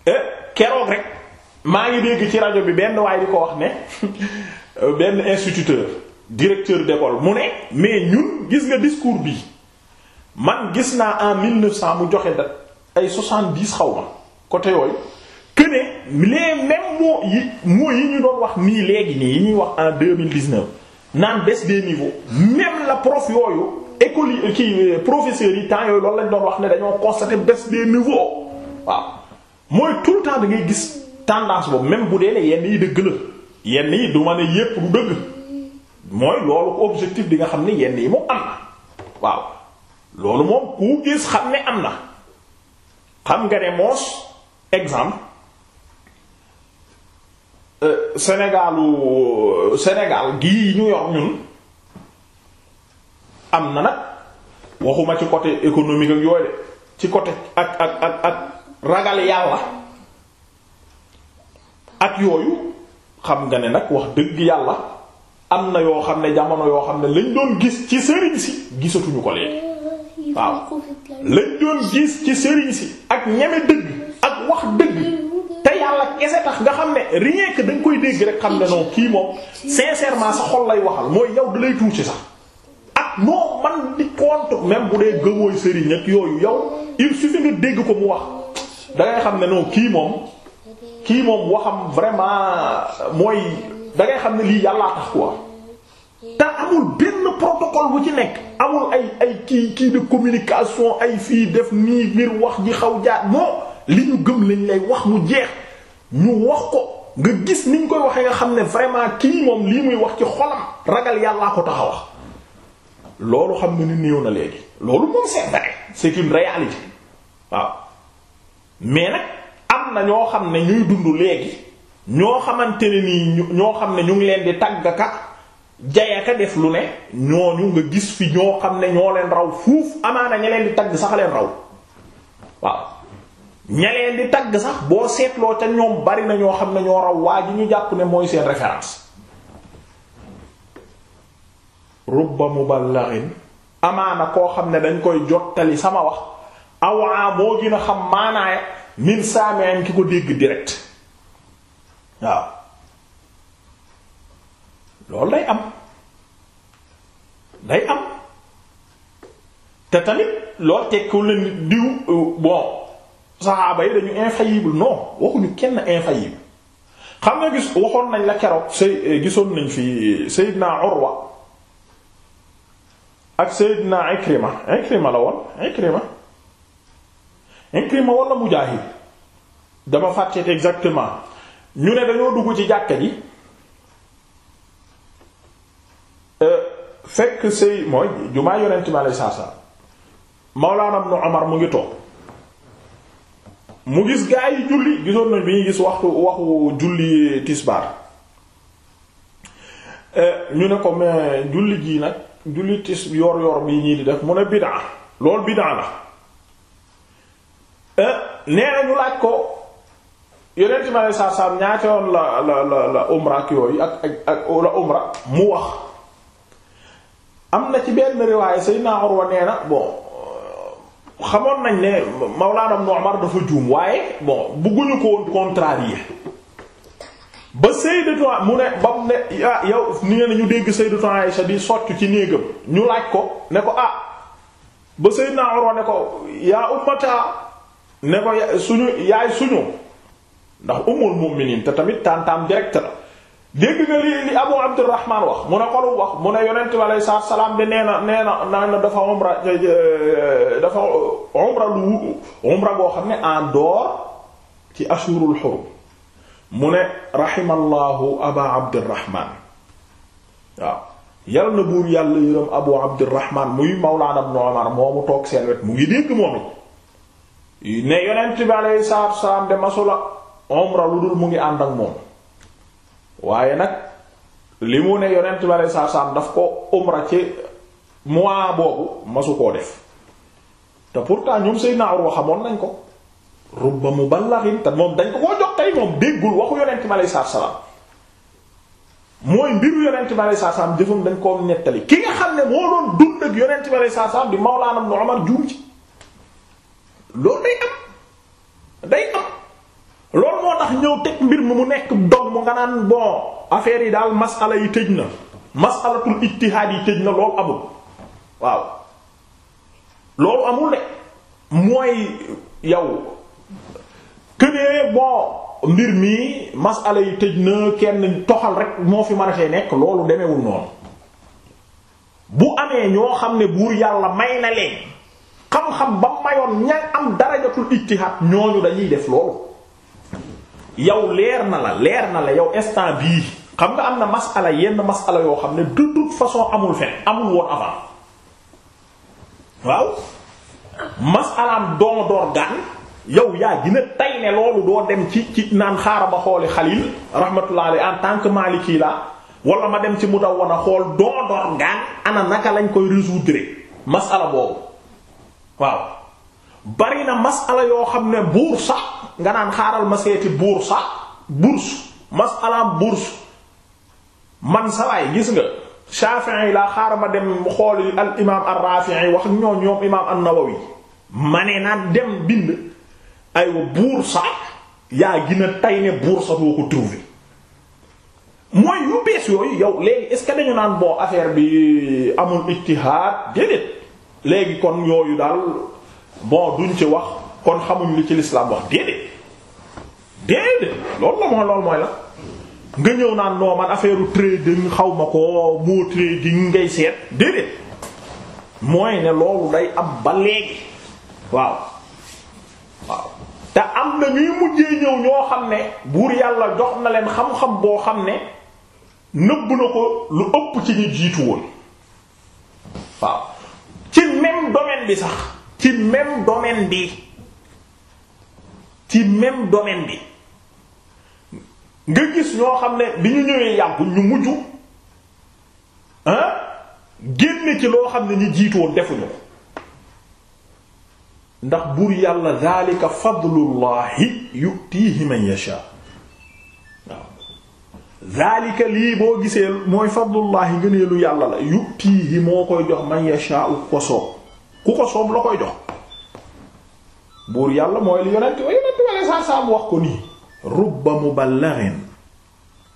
eh, keroog rek. maa ngi dégg ci rajo bi benn waay di ko wax ne benn instituteur directeur d'école mu ne mais ñun gis nga discours bi man gis naa en cent mu joxe da ay 70 xaw ma côté yooyu que ne les mêmes yi mots yi ñu doon wax nii léegi nii yi ñuy wax en 2019 naan baisse des niveaux même la prof yooyu école yi kii professeurs yi temps yooyu loolu lañ doon wax ne dañoo constater baisse des niveaux waaw mooy tout le temps da ngay gis. tendance boobu même bu dee ne yenn yi dëgg la yenn yi du ma ne yépp du dëgg mooy loolu objectif di nga xam ne yenn yi moom am na waaw loolu moom ku gis xam ne am na xam nga ne moos exemple euh, Sénégalu euh, Sénégal gii ñu yor ñun am na nag waxuma ci côté économique ak yooyu de ci côté ak ak ak ak ragal yàlla. ak yooyu xam nga ne nag wax dëgg yàlla am na yoo xam ne jamono yoo xam ne lañ doon gis ci sëriñ si gisatuñu ko léegi waaw lañ doon gis ci sëriñ si ak ñeme dëgg ak wax dëgg te yàlla kese tax nga xam ne rien que dañ koy dégg rek xam ne non kii moom sincèrement sa xol lay waxal mooy yow da lay tuuti sax ak noo man di compte même bu dee gëmooy sëriñ ak yooyu yow il suffit nga dégg ko mu wax dangay xam ne non kii moom kii moom waxam vraiment mooy da xam ne lii yàllaa tax quoi te amul benn protocole bu ci nekk amul ay ay kii kii de communication ay fii def nii ngir wax ji xaw jaat non li ñu gëm lañ lay wax mu jeex ñu wax ko nga gis niñ koy waxee nga xam ne vraiment kii moom lii muy wax ci xolam ragal yàllaa ko tax a wax loolu xam nga ni néew na léegi loolu moom c'est vrai c'est une waaw mais nag am na ñoo xam ne ñuy dund léegi ñoo xamante ne nii ñoo xam ne ñu ngi leen di tàgg ka jayaka def lu ne ñooñu nga gis fi ñoo xam ne ñoo leen raw fuuf amaana ña leen di tagg sax leen raw waaw ña leen di tagg sax boo seetloo ca ñoom bari na ñoo xam ne ñoo raw waa ji ñu jàpp ne mooy seen référence rubba muballighin amaana koo xam ne dañ koy jottali sama wax awaa moo gën a xam maanaaya min saami'in ki ko dégg direct waaw loolu day am day am te tamit loolu tekkul na diw bon saxaaba yi dañu infaillible non waxuñu kenn infaillible xam nga gis waxoon nañ la keroog say gisoon nañ fi euh, Seydina Urwa ak Seydina Ikrima Ikrima la woon Ikrima Ikrima wala Mujaahid dama fàtte exactement ñu ne dañoo dugg ci jàkka ji euh, fekk sëy mooy jumaa yonent bi alayhi salaam Mawlaana Ibnu Umar mu ngi toog mu gis gaa yi julli gisoon nañ bi ñuy gis waxtu waxu julli tisbaar euh, ñu ne ko mais julli jii nag julli tis yor yor bi ñii di def mu ne bid'a lool bid'a la Euh, nee na ñu laaj ko yonent mi alayhi salaatu salaam la la umra ak yooyu ak ak umra mu wax am na ci benn riwaaya Seydina Urwa nee na bon xamoon nañ ne Mawlaana Ibn Umar dafa juum waaye bon bëgguñu ko woon contrarier ba Sayyidatu mu ne ba mu ne yow ni ngeen ñu dégg Sayyidatu Aisha di soccu ci néegam ñu laaj ko ne ko ah ba Seydina Urwa ne ko yaa ummata ne ko suñu yaay suñu ndax umul mu'minin te tamit tantam direct la dégg nga li li abu abdurrahman wax mu ne xolu wax mu ne yonent bi aleyhi salaatu salaam de nee na nee na naa na dafa umra dafa umra lu umra boo xam ne en dehors ci ashurul hurum mu ne rahimallahu aba abdurrahman waaw yal na buur yàlla yërëm abu abdurrahman muy mawlaana ibn umar moomu toog seen wet mu ngi dégg moom it ne yonent bi alayhi salaatu salaam de masula umra lu dul mu ngi ànd ak moom waaye nag li mu ne yonent bi alayhi salaam daf ko umra ci mois boobu masu koo def te pour pourtant ñoom Seydina Urwa xamoon nañ ko rubba muballighin te moom dañ ko koo jox tey moom déggul waxu yonent bi alayhi salaatu salaam mooy mbiru yonent bi alayhi salaam dañ koo ki xam ne moo doon dund ak yonent bi alayhi di Mawlaana Ibn Umar juum ci loolu day am day am loolu moo tax ñëw teg mbir mi mu nekk dog mu nga naan bon affaire yi daal masala yi tëj na masalatul ijtihaad yi tëj na loolu amul waaw loolu amul de mooy yow kënee bon mbir mi masala yi tëj na kenn toxal rek moo fi marché nekk loolu demewul noonu bu amee ñoo xam ne buur yàlla may na leen xam-xam ba mayoon ña am darajatul ijtihaad ñooñu dañuy def loolu yow leer na la leer na la yow instant bii xam nga am na masala yenn masala yoo xam ne de toute façon amul fen amul woon avant waaw masalaam don door gaan yow yaa gina tay ne loolu doo dem ci ci naan xaaral ba xooli xalil rahmatullah alayhi en tant que maliki la wala ma dem ci mu a xool don door gaan ana naka lañ koy résoudre masala boobu waaw bari na masala yoo xam ne buur sax nga naan xaaral ma seeti buur sax bourse masalaam bourse man ay gis nga Shafi'i laa xaaral ma dem xooli al imaam ar-Rafi'i wax ñoo ñoom imaam an-Nawawi ma ne naa dem bind aywa bourse yaa gina tay ne bourse boo ko trouver mooy yu bees yooyu yow léegi est dañu naan boo affaire bi amul ijtihaad déedéet léegi kon yooyu daal bon duñ ci wax kon xamuñ li ci lislaam wax déedéet déedéet loolu la mooy loolu mooy la nga ñëw naan noo man affaire trading xaw ma ko moo trading ngay seet déedéet mooy ne loolu day am ba léegi waaw waaw te am na ñuy mujjee ñëw ñoo xam ne buur yàlla jox na leen xam-xam boo xam ne nëbb na ko lu ëpp ci ñu jiitu woon waaw ci même domaine bi sax ci même domaine bi ci même domaine bi nga gis ñoo xam ne bi ñu ñëwee yàgg ñu mujj ah génn ci loo xam ne ñu jiitoon defuñu ko ndax buur yàlla zalika fadlullahi yutihi man yasha zaalika lii boo gisee mooy fadlullahi ngëneelu yàlla la yutiihi moo koy jox man yashaa'u ku ko soob ku ko soob la koy jox buur yàlla mooy li yonent wa yonent ko nii rubba muballighin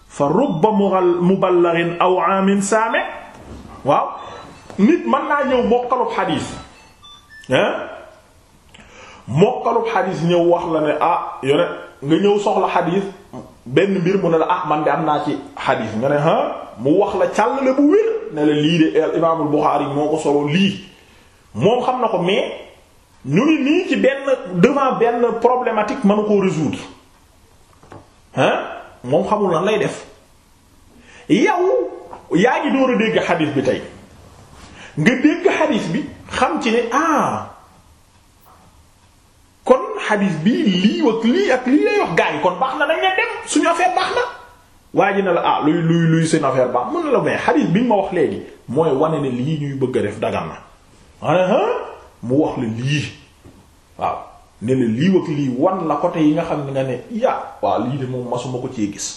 fa aw aamin saame waaw nit mën naa ñëw mokkalub xadiis hein mokkalub xadiis ñëw wax la ne ah yonent nga ñëw soxla xadiis benn mbir mu ne la ah man de am naa ci xadiis nga ne ah mu wax la càllale bu wér ne la lii de al imaamul Buxaari moo ko solo lii moom xam na ko mais ñu ngi nii ci benn devant benn problématique mënu koo résoudre ah moom xamul lan lay def yow yaa ngi door a dégg xadiis bi tey nga dégg xadiis bi xam ci ne ah kon xadiis bi lii ak lii ak lii lay wax gaa kon baax na dañ leen dem suñu affaire baax na waa ji ne la ah luy luy luy seen baax na ma wax léegi mooy wane ne lii ñuy bëgg a def dagan ah, ah, ah. mu wax la lii waaw ne la lii ak lii wan la côté yi nga xam ne nga ne ya waaw lii de moom masuma ko cee gis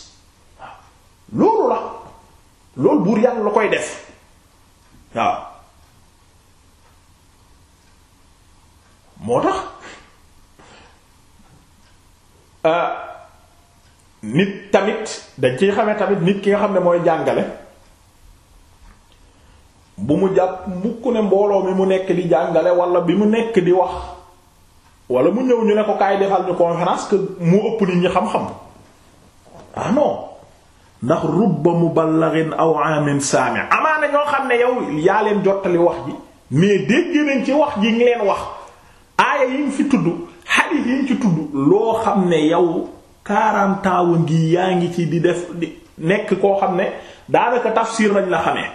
waaw loolu la loolu buur yàlla la koy def waaw moo tax Euh, nit tamit dañ ciy xamee tamit nit ki nga xam ne mooy jàngale bu mu jàpp mukk ne mbooloo mi mu nekk di jàngale wala bi mu nekk di wax wala mu ñëw ñu ne ko kaay defal ñu conférence que mu ëpp nit ñi xam-xam ah non ndax rubba muballighin aw amin amaana ñoo xam ne yow yaa leen jottali wax ji mais dégg nañ ci wax ji ngi leen wax aaya yi ñu fi tudd xadiis yi ci tudd loo xam ne yow quarante ans ngi yaa ngi ci di def di nekk koo xam ne daanaka tafsir lañ la xamee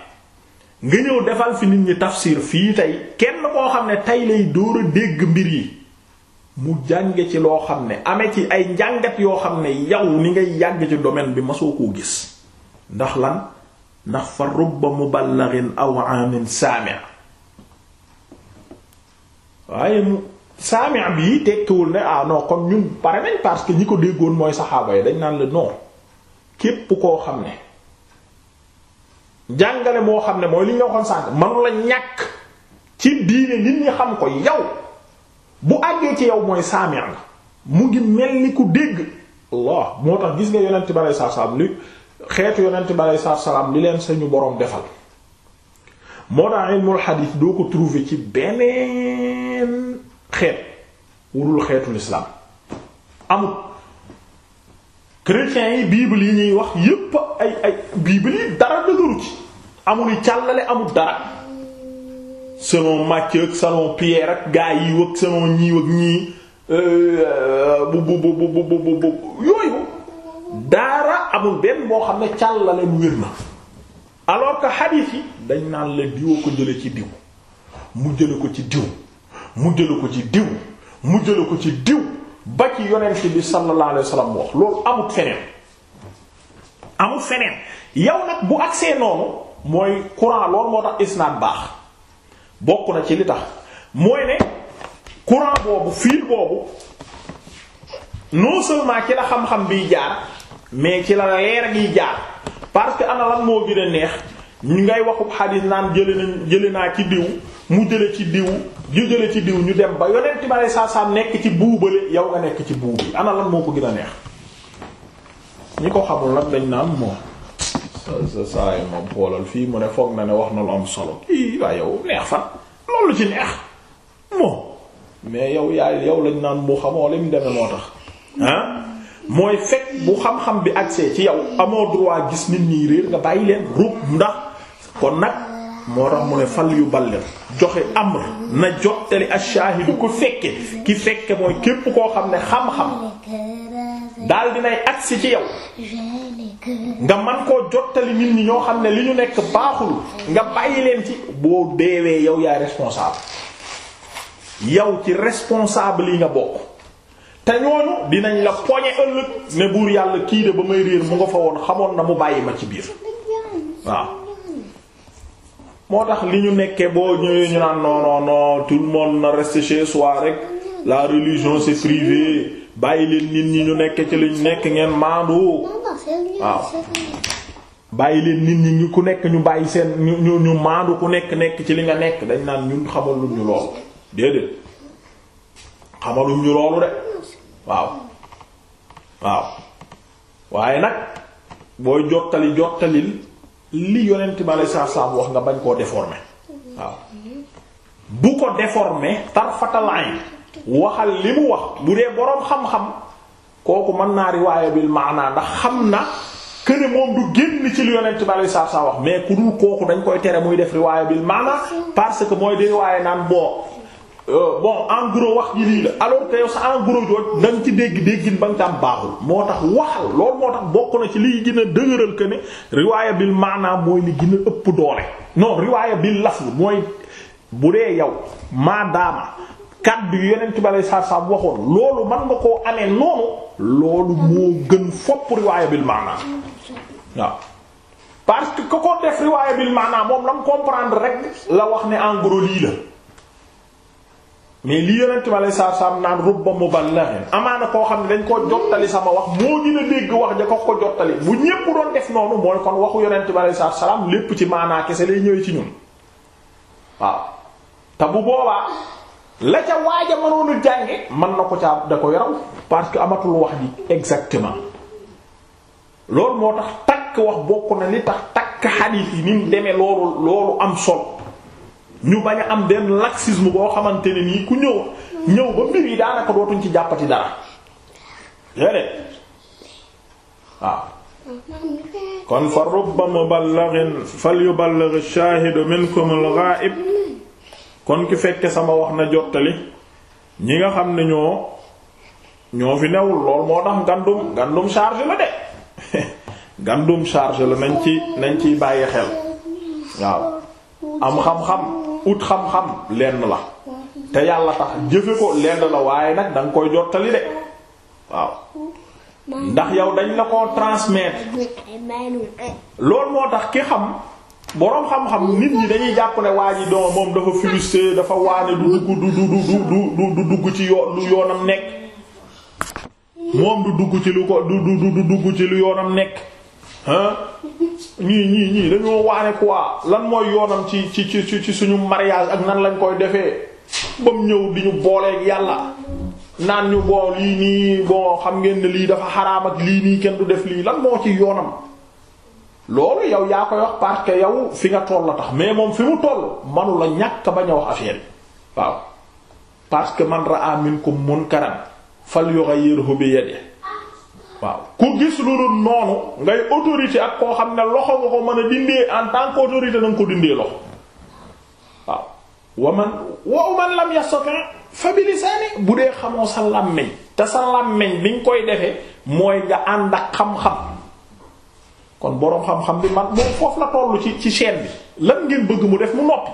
nga ñëw defal fi nit ñi tafsir fii tey kenn koo xam ne tey lay dóor dégg mbir yi mu jànge ci loo xam ne amee ci ay njàngat yoo xam ne yow ni ngay yàgg ci domaine bi masoo koo gis ndax lan ndax fa rubba muballighin aw amin saami' waaye mu saami am yi tekkiwul ne ah non kon ñun pare nañ parce que ñi ko déggoon mooy saxaaba yi dañ naan la non képp koo xam ne jàngale moo xam ne mooy li ñu waxoon sànq manu la ñàkk ci diine nit ñi xam ko yow bu àggee ci yow mooy saami am mu ngi mel ni ku dégg Allah moo tax gis nga yonent bi aleyhi salaatu salaam xeetu yonent bi aleyhi salaatu leen sañu boroom defal moo tax ilmul xadiis doo ko trouver ci beneen xeet wurul xeetu lislaam amul chrétiens yi bible yi ñuy wax yépp ay ay bible yi dara dëgëru ci amul i càllale amul dara selon Matthieu ak selon Pierre ak gaa yi wëg selon ñii ak ñii euh, bu bu bu bu bu yooyu dara amul benn boo xam ne càllale mu wér na alors que hadith yi dañ naan la diwa ko jële ci diw mu jële ko ci diw mu jëla ko ci diw mu jëla ko ci diw ba ci yonent bi sallallahu alayhi wasallam wax loolu amut feneen amut feneen yow nag bu agsee noonu mooy courant loolu moo tax isnaad baax bokk na ci li tax mooy ne courant boobu fil boobu non seulement ci la xam-xam biy jaar mais ci la leer giy jaar parce que ana lan moo gën neex ñu ngay waxu xadiis naan jële nañ naa ci diw mu jële ci diw ñu jële ci diw ñu dem ba yonent bare saa saa nekk ci buubale yow nga nekk ci buub bi ana lan moo ko gën a neex ko xamul lan dañ naan moom sa fii mu ne foog na ne wax na lu solo yow neex fan loolu ci neex moom mais yow yaay yow lañu naan mu xamoo lim deme moo tax ah mooy fekk bu xam-xam bi accès ci yow amoo droit gis nit ñi réer nga bàyyi leen rub ndax kon nag moo tax mu ne fal yu ballir joxe amr na jottali ash-shaahidu ku fekke ki fekke mooy képp koo xam ne xam-xam daal dinay agsi ci yow nga man koo jottali nit ñi ñoo xam ne li ñu nekk baaxul nga bàyyi leen ci boo deewee yow yaay responsable yow ci responsable yi nga bokk te ñooñu dinañ la poñe ëllëg ne buur yàlla kii de ba may réer mu nga fa woon xamoon na mu bàyyi ma ci biir waaw moo tax li ñu nekkee boo ñëwee ñu naan non non tout le monde na soi rek la religion c'est privé bàyyi leen nit ñi ñu nekk ci liñ nekk ngeen maandu waaw bàyyi leen nit ñi ku nekk ñu bàyyi seen ñu ñu maandu ku nekk nekk ci li nga nekk dañ naan ñun xamalum ñu loolu déedéet xamalum ñu loolu de waaw waaw waaye nag booy jottali jottalil li yonent bi aleyhi salaatu salaam wax nga bañ koo déformer waaw bu ko déformer tarfatal ayn waxal li mu wax bu dee boroom xam-xam kooku man naa riwaaya bil maanaa ndax xam na këne moom du génn ci li yonent bi aleyhi salaatu salaam wax mais ku dul kooku dañ koy tere muy def riwaaya bil maanaa parce que mooy di riwaaya naan boo Euh. bon en wax ji lii la alors que yow sa en gros jooj ci dégg déggin ba nga am baaxul moo tax waxal loolu moo tax bokk na ci li gën a dëgëral que ne riwaaya bil maanaam mooy li gën a ëpp doole non riwaaya bil laf mooy bu dee yow maadaama kaddu yu yeneen tubaab yi saabsaab waxoon loolu man nga koo amee noonu loolu moo gën fopp riwaaya bil maanaam waaw. parce que ku ko def riwaaya bil maanaam moom la mu comprendre rek la wax ne en gros lii la. mais li yonent ma lay saa saam naan rubba muballighin amaana koo xam ne dañ koo jottali sama wax moo gën a dégg wax ja ko ko jottali bu ñépp doon def noonu mooy kon waxu yonent ma salaam lépp ci maanaa kese lay ñëwee ci ñun waaw te bu boobaa la ca waaja mënoon a jànge mën na ko caa da ko yaraw parce que amatul wax ji exactement loolu moo tax takk wax bokk na li tax takk xadiis yi ni mu demee loolu loolu am solo. ñu bañ am denn benn laxisme boo xamante ni nii ku ñëw ñëw ba mbir yi daanaka dootuñ ci jàppati dara déedéet waaw kon fa rubba muballighin falyuballigh ash-shaahidu minkum al-ghaa'ib kon ki fekke sama wax na jottali ñi nga xam ne ñoo ñoo fi newul lool moo tax ngandum ngandum charge la de ngandum charge la nañ ci nañ ciy bàyyi xel waaw am xam-xam wut xam-xam lenn la te yàlla tax jëfe ko lenn la waaye nag da nga koy jottali de waaw ndax yow dañ la ko transmettre lool moo tax ki xam boroom xam-xam nit ñi dañuy jàpp ne waa ji don moom dafa frustré dafa waane du dugg du du du du dugg ci yoon lu yoonam nekk moom du dugg ci lu ko du du du dugg ci lu yoonam nekk ñii ñii ñii dañoo waane quoi lan mooy yoonam ci ci ci ci suñu mariage ak nan lañ koy defee ba mu ñëw di ñu booleek yàlla naan ñu boo lii nii boo xam ngeen ne lii dafa xaraam ak lii nii kenn du def lii lan moo ci yoonam loolu yow yaa koy wax parce que yow fi nga toll la tax mais moom fi mu toll manu la ñàkk ba a wax affaire waaw parce que man ra'a minkum munkaran falyughayyirhu bi yadihi waaw ku gis lu dul noonu ngay autorité ak koo xam ne loxo ko mën a dindee en tant qu'autorité na nga ko dindee loxo waaw waman wa man lam yastati fa bi lisaani bu dee xamoo sa làmmiñ te sa làmmiñ liñ koy defee mooy nga ànd ak kon boroom xam-xam bi mag moom ci ci chaîne bi lan ngeen bëgg mu def mu noppi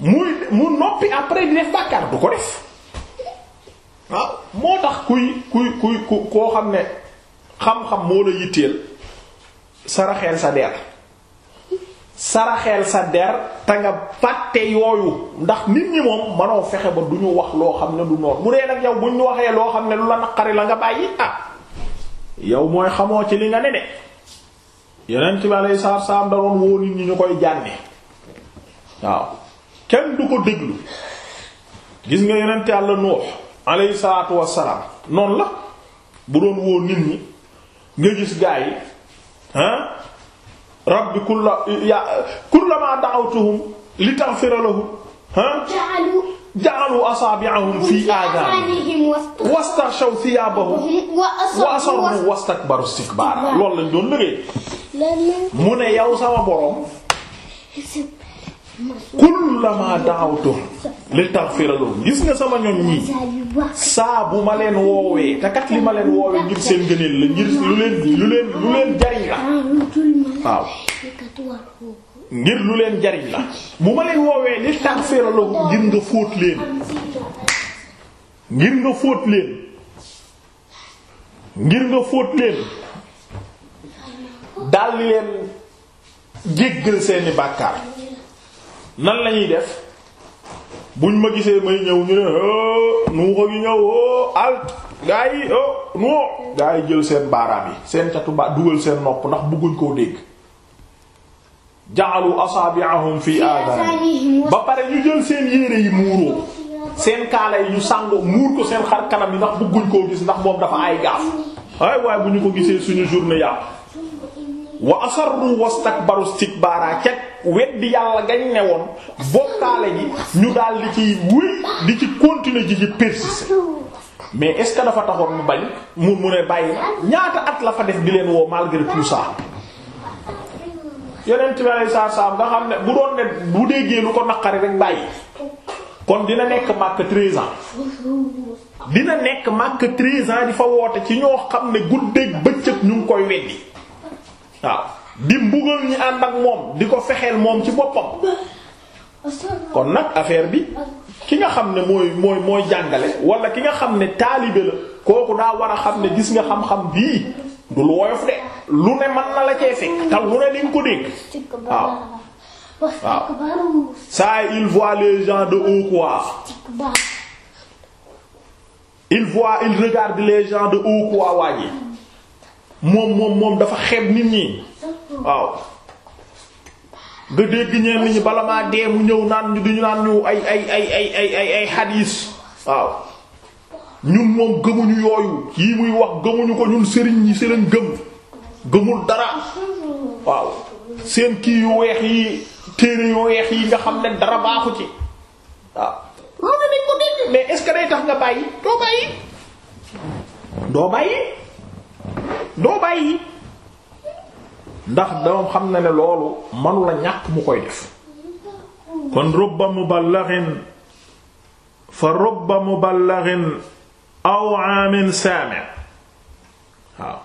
muy mu noppi après di def bàkkaar du ko def waaw moo tax kuy kuy kuy ku koo xam ne xam-xam moo la yitteel saraxeel sa der saraxeel sa der te nga fàtte yooyu ndax nit ñi moom manoo fexe ba du ñu wax loo xam ne du noor mu dee nag yaw bu ñu waxee loo xam ne lu la naqari la nga bàyyi ah yow mooy xamoo ci li nga ne de yeneen ci wàllu saar saam da woo nit ñi ñu koy jànne waaw kenn du ko déglu gis nga yeneen te Yàlla Nuux alayhi salaatu wassalaam noonu la bu doon woo nit ñi nga gis gaa yi ah rabbi kulla li taghfira lahum ja'alu asabi'ahum fi aadanihim wastaghshaw thiyabahum wa asarru wastakbaru istikbara loolu lañ doon liggéey mu ne yow sama borom kullama da'awtu li taghfira gis nga sama ñoom ñii saa bu ma leen woowee te kat li ma leen woowee ngir seen gëneel la ngir lu leen lu leen lu leen jariñ la waaw ngir lu leen jariñ la bu ma leen woowee li taghfira ngir nga fóot leen ngir nga fóot leen ngir leen daldi seeni bàkkaar nan lañuy ñuy def buñ ma gisee may ñëw ñu ne oh, nuuxa gi ñëw o oh, alt gaa yi o oh, nuo gaa jël seen baaraam yi seen catu dugal seen nopp ndax bëgguñ koo dégg ja'alu asabi'ahum fii aadanihim ba pare ñu jël seen yére yi muuroo seen kaala yi ñu sàngoo muur ko seen xar kanam yi ndax bëgguñ koo gis ndax moom dafa ay gaaf ay waaye bu ñu ko gisee suñu journée yàpp wa asarru wastakbaru istikbara ca weddi yàlla gañ ne woon bokkaale gi ñu daal di ci wuy di ci continuer ji ci persister mais est ce que dafa taxoon mu bañ mu mu ne bàyyi ñaata at la fa def di leen woo malgré tout yeneen timelay saa saa nga xam ne bu doon ne bu déggee lu ko naqari rek bàyyi kon dina nekk màkk 13 ans dina nekk màkk tris ans di fa woote ci ñoo xam ne guddeeg bëccëg ñu ngi koy weddi. waaw di mbugal ñi ànd ak moom di ko fexeel moom ci boppam kon nag affaire bi ki nga xam ne mooy mooy mooy jàngale wala ki nga xam ne taalibe la kooku daa war a xam ne gis nga xam-xam bii du lu woyof de lu ne mën na la cee fekk te lu ne di nga ko dégg waaw waaw ça il voit les gens de haut quoi il voit il regarde les gens de haut quoi waa ji moom moom moom dafa xeeb nit ñi waaw nga dégg ñenn ñi bala maa dee mu ñëw naan ñu duñu naan ñu ay ay ay ay ay ay ay xadiis waaw ñun moom gëmuñu yooyu yi muy wax gëmuñu ko ñun sëriñ yi si lañ gëm gëmul dara waaw seen kii yu weex yi téere yu weex yi nga xam ne dara ko ci waaw loolu dañ ko dégg mais est-ce que day tax nga bàyyi doo bàyyi doo bàyyi doo bàyyi ndax doom xam na ne loolu manula ñàkk mu koy def kon rubba muballaxin fa rubba muballaxin aw aamin saami waaw